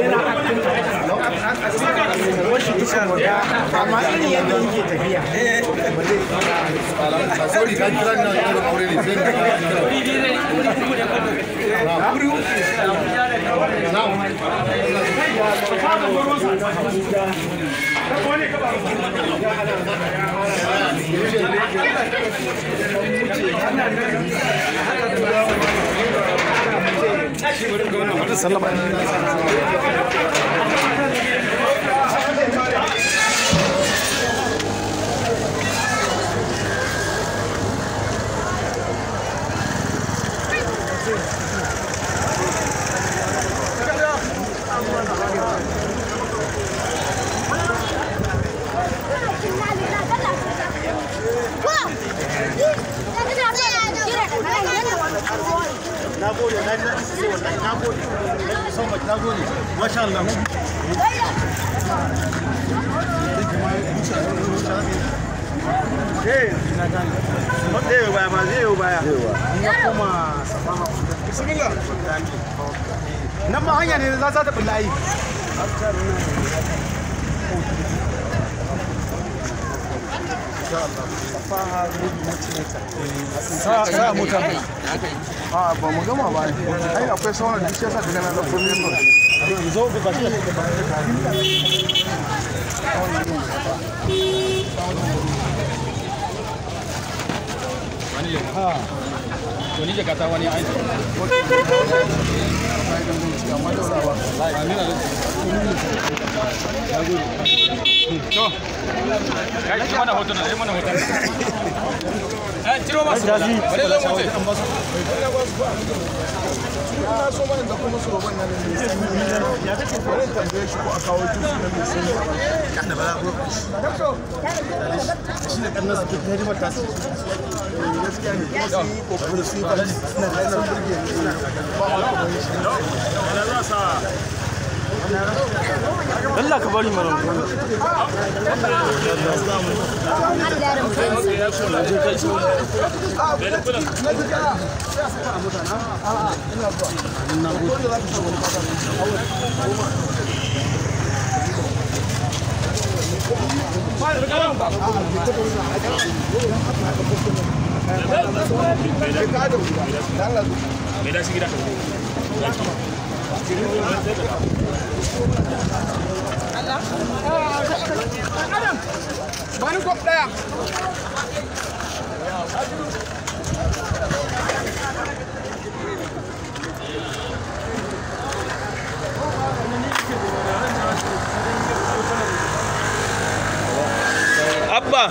yana aktin wasu duka ga amma irin yadda yake tafiya ba zai sorry Sallama. na gode na ji daɗi sosai wallahi na gode thank you so much na gode masha Allah Eh, na gane. Wanda yau baya ma zai yau baya. Ina kuma safama. Bismillah. Nan ma hanya ne za ta bulla yi. fasaha movie gama ba akwai sauran duk yasa daga nan da kullum ne zo ba wani wani aiki to kai ki mana hoton ne mana hoton eh tiro masu bare zo mu na so mana da kuma su roban nan ne ya take bare tambaye shi ko a kawo juice na mai sanyi kan da ba za ku shi ne kan nasu ke tare mata su gaskiya ne ko su yi kokarin su yi ba na ranar burge ne ba wani ba za sa Allah kabul mü olur? Me da seguir a Jesús. Thank you. adam bani kwab daya abba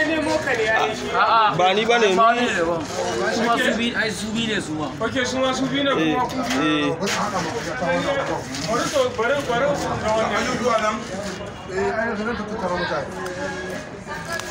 ya nemo ka ne ai shi ba ni bane kuma su bi ai su bi ne su ma okay su ma su bi ne kuma eh, ku bi eh. bari bari bari su ga ayyuka nan eh ai